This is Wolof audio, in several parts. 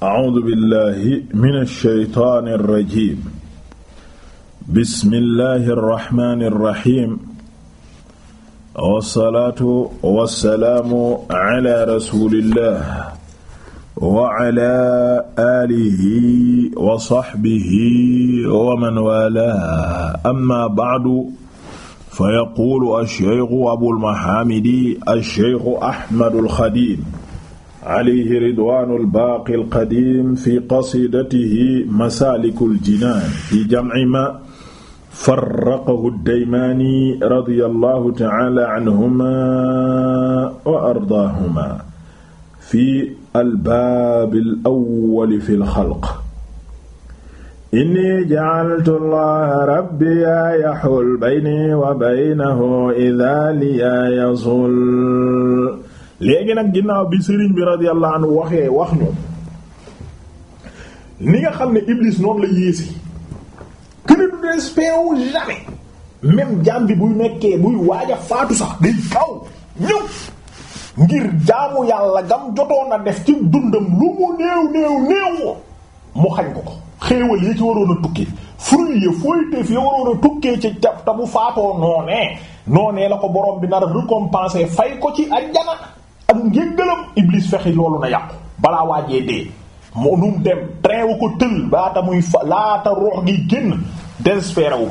A'uuzu billaahi mina shaytaani rajiim. Bismillaahi rahmaani rahiim. Wassalaatu wassalaamu alaa rasuulillaah wa alaa aalihi wa sahbihi wa man waalaahu. Ammaa ba'du, fayaquulu ash-shaykhu Abul Mahaamidi ash-shaykhu Ahmadul Xadiim. alayhi ridwaanul baaqil qadiim fi qasiidatihi masaalikul jinaan fi jam'i maa farraqahu ad-Daymaani radiyallahu ta'aala anhumaa wa ardaahumaa fi albaabil awwal fil xalq. inni jacaltu llaha rabbiya yaxul bayni wa baynahu idaa liya yazul léegi nag ginnaaw bi sëriñ bi radiyallahu anhu waxee wax ñu ni nga xam ne Iblis noonu la yéesi crédu despeu jamais même jaam bi buy nekkee buy waaj faatu sax day kaw ñëw ngir jaamu yàlla gam jotoon a def ci dundam lu mu néew néew néew mu xañ ko ko xéewal yi ci waroon a tukkee fruit yi fooyteef yi waroon a tukkee ci ta bu faatoo noonee noonee la ko borom bi nar a récompenser fay ko ci ajjana ak njéggalam iblis fexi loolu na yàqu balaa waajee dee mu num dem treewu ko tël laata muy fa laata roox gi génn désespéré wu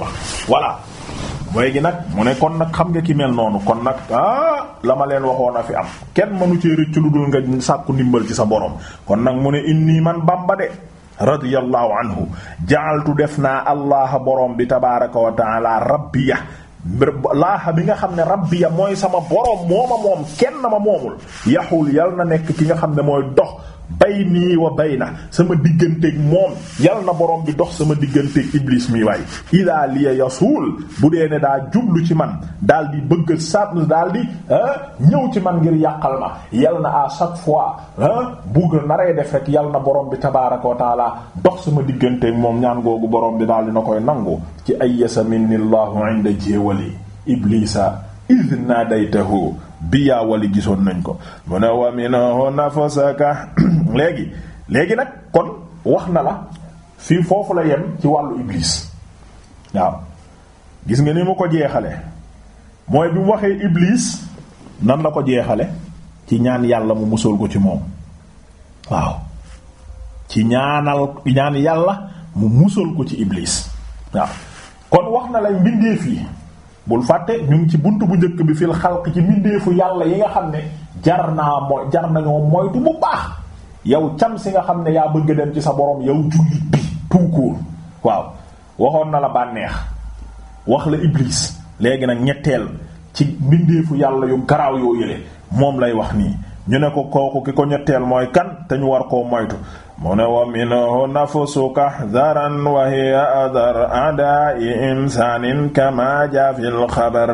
ma gi nag mu ne kon nag xam nga ki mel noonu kon nag ah la ma leen waxoon a fi am kenn mënu cee rëcc lu dul nga sàkku ndimbal ci sa borom kon nag mu ne indi man bamba de radiyallahu anhu jaaltu def naa allaha borom bi tabaraka wa taala rabbiya laaxa bi nga xam ne rabbi ya mooy sama boroom mooma moom kenn ma moomul yaxul ya na nekk ki nga xam ne mooy dox bayni wa bayna sama digganteeg moom yal na borom bi dox sama digganteeg iblis mi waay ida liya yasuul bu dee ne daa jublu ci man daal di bëgg sat daal di ñëw ci man ngir yàqal ma yal na à chaque fois bu naree def rek yal na borom bi tabaaraka wa dox sama digganteek moom ñaan googu borom bi daal di na koy nangu ci ay yasa minni llahu inda jéewali day id naadaytahu bi yaawali gisoon nañ ko mu ne wa minhu nafsaka léegi léegi nag kon wax na la fii foofu la yem ci wàllu iblis waaw gis nga ni mu ko jeexale mooy bi mu waxee iblis nan la ko jeexale ci ñaan yàlla mu musal ko ci moom waaw ci ñaanal ñaan yàlla mu musal ko ci iblis kon wax na lay mbindeef yi bul fàtte ñu ngi ci bunt bu njëkk bi fil xalq ci mbindeefu yàlla yi nga xam ne jar naa mooy jar nañoo moytu bu baax yow cam si nga xam ne yaa bëgg dem ci sa borom yow jullit bi tout waaw waxoon na la bànneex wax la iblis léegi nag ñetteel ci mbindeefu yàlla yu garaaw yoo yële moom lay wax nii ñu ne ko kooku ki ko ñetteel mooy kan te ñu war koo moytu mu ne wa minhu nafsuka daran wa adar adai insanin kama ja xabar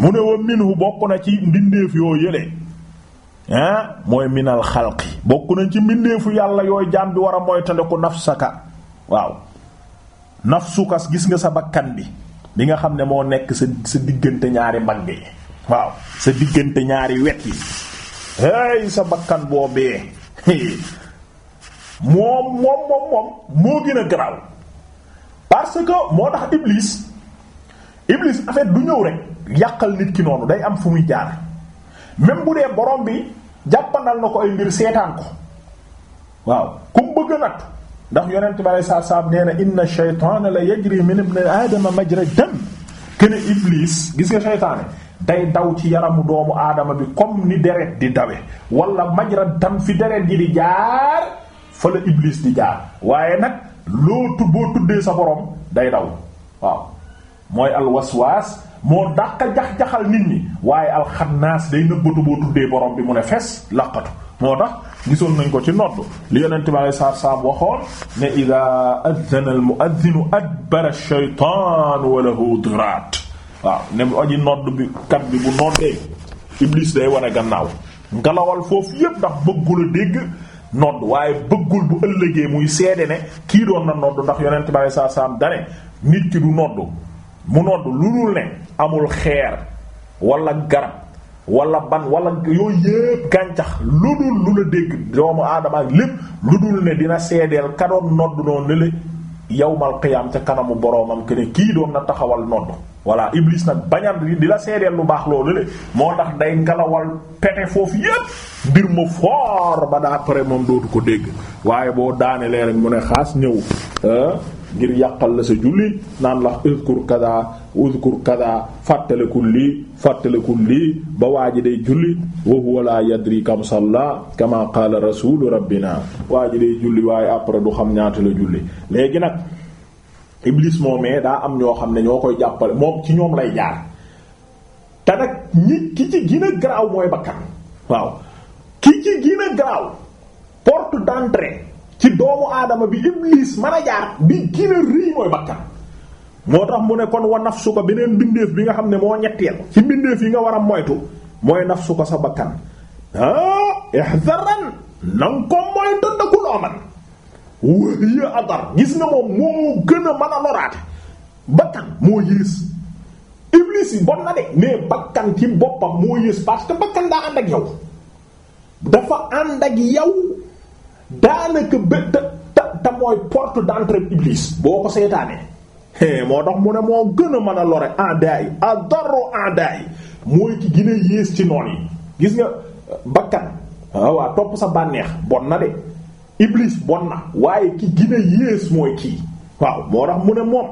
mu ne wa minhu bokk na ci mbindeef yoo yële mooy minal xalqi bokk nañ ci mbindeefu yàlla yooyu jaam bi war a moytale moytandiku nafsaka waaw nafsukas gis nga sa bakkan bi bi nga xam ne moo nekk sa sa diggante ñaari mbagg yi waaw sa diggante ñaari wet yi hey sa bakkan boobee moom moom moom moo gën a garaaw parce que moo tax iblis iblis en du ñëw rek yàqal nit ki noonu day am fu muy jaar même bu dee borom bi jàppandal na ko ay mbir seetaan ko waaw ku mu bëgg a natt ndax yonent bi alei saatu salaam nee na inna shaytaana la yajri min ibn aadama majra dam kene iblis gis nga shaytaane day daw ci yaramu doomu aadama bi comme ni deret di dawe wala majra dam fi deret ji di jaar fa la iblis di jaar waaye nag loo tu boo tuddee sa borom day daw waaw mooy alwaswaas moo daq jax-jaxal nit ñi waaye alxannaas day nëbbatu boo tuddee borom bi mu ne fes laqatu moo tax gisoon nañ ko ci nodd li yonente bi alei saatu salaam waxoon ne ida addana al muaddinu adbara shaytaan wa lahu diraat waaw ne bu aji nodd bi kat bi bu noddee iblis day wane gannaaw ngalawal foofu yépp ndax bëggul a dégg nodd waaye bëggul bu ëllëgee muy seede ne kii doon na nodd ndax yonente bi alei saatu salaam dane nit ki du nodd mu nodd lu dul ne amul xeer wala garab wala ban walla yooyu yépp gàncax lu dul lu la dégg doomu aadama ak lépp lu dul ne dina seedeel ka doon nodd noonu lële yawmal qiyaam ca kanamu boroomam ke ne kii doon na taxawal nodd voilà iblis nag bañal di la seedeel lu baax loolu le moo tax day ngalawal pete foofu yépp mbir mu foor ba daa pare moom dootu ko dégg waaye boo daane lee rek mu ne xaas ñëw ngir yàqal la sa julli naan la uzkur kada uzkur kada fàttalikul lii fàttalikul lii ba waa ji day julli wa huwa la yadri kam salla kama qaala rasulu rabbina waa ji day julli waaye après du xam ñaata la julli léegi nag iblis moomee daa am ñoo xam ne ñoo koy jàppale moom ci ñoom lay jaar te nag ñi ki ci gën a garaaw mooy bakkan waaw ki ci gën garaaw porte d'entrée ci doomu aadama bi iblis mën a jaar bi gën a rëy mooy bakkan moo tax mu ne kon wa nafsu ko beneen bindeef bi nga xam ne moo ñetteel ci bindeef yi nga war a moytu mooy nafsu ko sa bakkan ah ihzaran nanga ko mooy dondaku loo man wahiya adar gis nga moom moo gën a mën a loraate bakkan moo yées iblis yi bon na de mais bakkan ci boppam moo yées parce que bakkan daa ànd ak yow dafa ànd ak yow daanaka ba te te mooy porte d'entrée Iblis boo ko seetaanee moo tax mu ne moo gën a mën a lore anda yi adarro anda yi mooy ki gën a yées ci noon yi gis nga bakkan ah, waaw topp sa bànneex bon na de Iblis bon na waaye ki gën a yées mooy kii waaw moo tax mu ne moom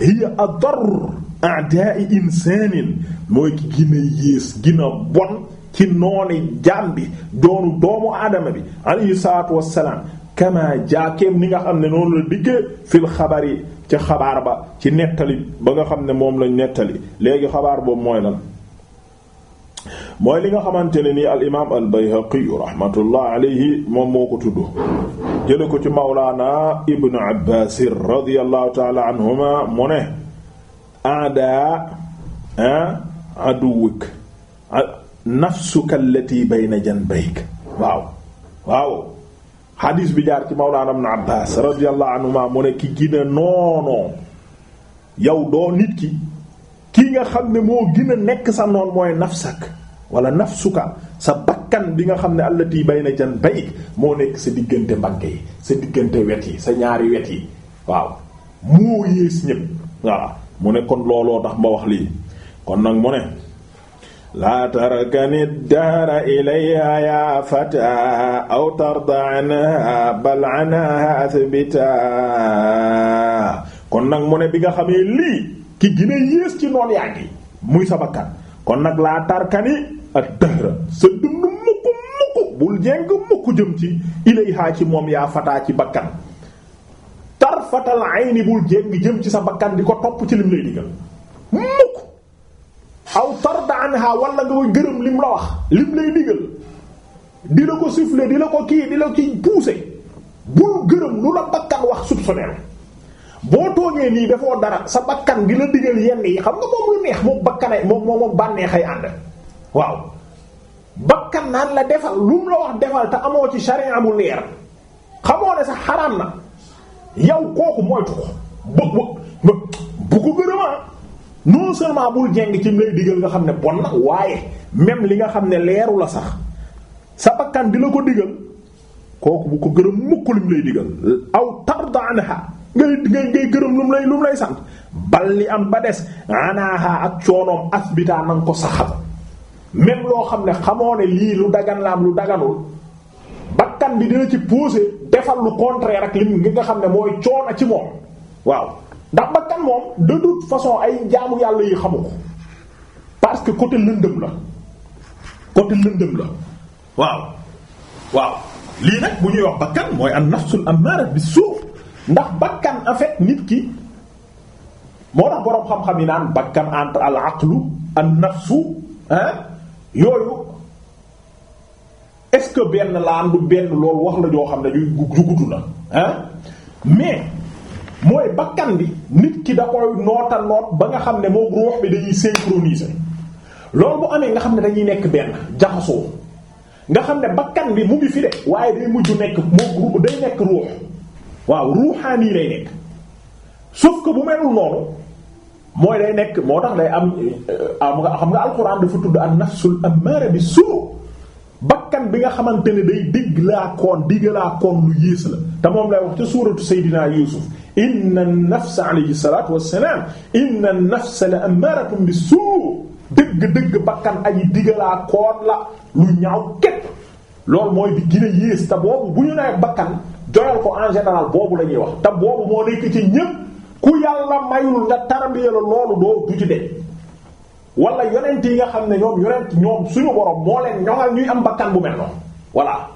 hiya adarr a'da'i insanin mooy ki gën a yées gën a bon ci nooni jaam bi doonu doomu aadama bi alayhi salaatu wassalaam kama jaakeem ni nga xam ne noonu la diggee fil xabar yi ca xabaar ba ci nettali ba nga xam ne moom lañ nettali léegi xabaar boobu mooy lan mooy li nga xamante ne ni al imaam al bayhaqi rahmatullah moom moo ko tudd jële ko ci mawlaana ibnu abbaas radiyallahu taala anhuma mu ne aada ah, aduwik nafsuka allati bayna janbayk waaw waaw xadiis bi jaar ci mawlaana ibn Abbaas radiyallahu anhuma mu ne ki gina noonoo yow doo nit ki kii nga xam ne moo gën nekk sa noon mooy nafsak wala nafsuka sa bakkan bi nga xam ne allati bayna janbayk moo nekk sa diggante mbagg yi sa diggante wet yi sa ñaari wet yi waaw moo yées ñépp waaw mu ne kon looloo tax ma wax lii kon nag mu ne laa tarkani daara ilayha ya fata aw tarda anha bal anha kon nag mu ne bi nga xamee lii ki gën a yées ci noon yaa ngi muy sa bakkan kon nag laa tarkani ak daara sa dund mukk mukk bul jeng mukk jëm ci ilayha ci moom yaa fataa ci bakkan tarfatal ayni bul jeng jëm ci sa bakkan di ko topp ci lim lay digal anha wala nga koy gërëm mu la wax lim lay digal di la ko souffler di la ko kii di la ci pousser bul gërëm lu la bakkan wax soupçonner boo toogee nii dafoo dara sa bakkan gi la digal yenn yi xam nga moom lu neex moom bakkanay moom moom bànneexay ànd waaw bakkan naan la defal lu mu la wax defal te amoo ci sharia mu leer xamoo ne sax xaraam na yow kooku moytu ko bu bu bu ko gërëmaa non seulement bul jeng ci lay digal nga xam ne bon na waaye même li nga xam ne leeru la sax sa bakkan di la ko digal kooku bu ko gërëm mukk lim lay digal aw tarda anha ngay ngay ngay gërëm lu mu lay lay sant bal li am ba des anaaha ak coonoom asbitaa na nga ko saxal même loo xam ne xamoo ne lii lu dagan la am lu daganul bakkan bi dina ci poser defal lu contraire ak lim ngi nga xam ne mooy coona ci moom waaw ndax bakkan moom de façon ay jaamu yàlla yi xamu ko parce que côté lëndëm la côté lëndëm la waaw waaw lii nag bu ñuy wax bakkan mooy an nafsul amara bi suuf ndax bakkan en fait nit ki moo tax boroom xam-xam yi naan bakkan entre al aqlu an nafsu hein yooyu est-ce que benn la am du benn loolu wax la joo xam ne yu gudd hein mais mooy bakkan bi nit ki da koy noota noot ba nga xam ne moom ruux bi dañuy synchroniser loolu bu amee nga xam ne dañuy nekk benn jaxasoo nga xam ne bakkan bi mu ngi fi de waaye day mujj nekk moom day nekk waaw ruuxaani lay nekk bu melul noonu mooy day nekk moo tax day am euh, xam nga alxuraan dafa tudd an nafsul ammaara bi suu bakkan bi nga xamante ne day digg laa koon digg laa koon lu yées la te moom lay wax ca suuratu Seydina Yuusuf inna nafsa alayhi salaatu wassalaam inna nafsa la ammaratun bisu dëgg-dëgg bakkan aji digalaa koon la lu ñaaw képp loolu mooy bi yées te boobu bu ñu nee bakkan doyal ko en général boobu la ñuy wax te boobu moo nekk ci ñépp ku yàlla mayul nga tarbiya la loolu doo du de wala yonent yi nga xam ne ñoom yonent ñoom suñu borom moo leen ñoŋal ñuy am bakkan bu mel noonu voilà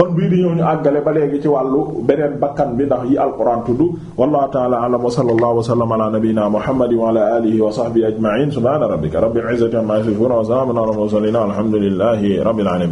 kon bii di ñëw ñu àggale ba léegi ci wàllu beneen bakkan bi ndax yi alquran tudd wallahu ta'ala a'lam wa sallallahu wa sallama ala nabiyyina muhammadin wa ala alihi wa sahbihi ajma'in subhana rabbika rabbil izzati amma yasifun wa salamun ala mursalin alhamdulillahi rabbil alamin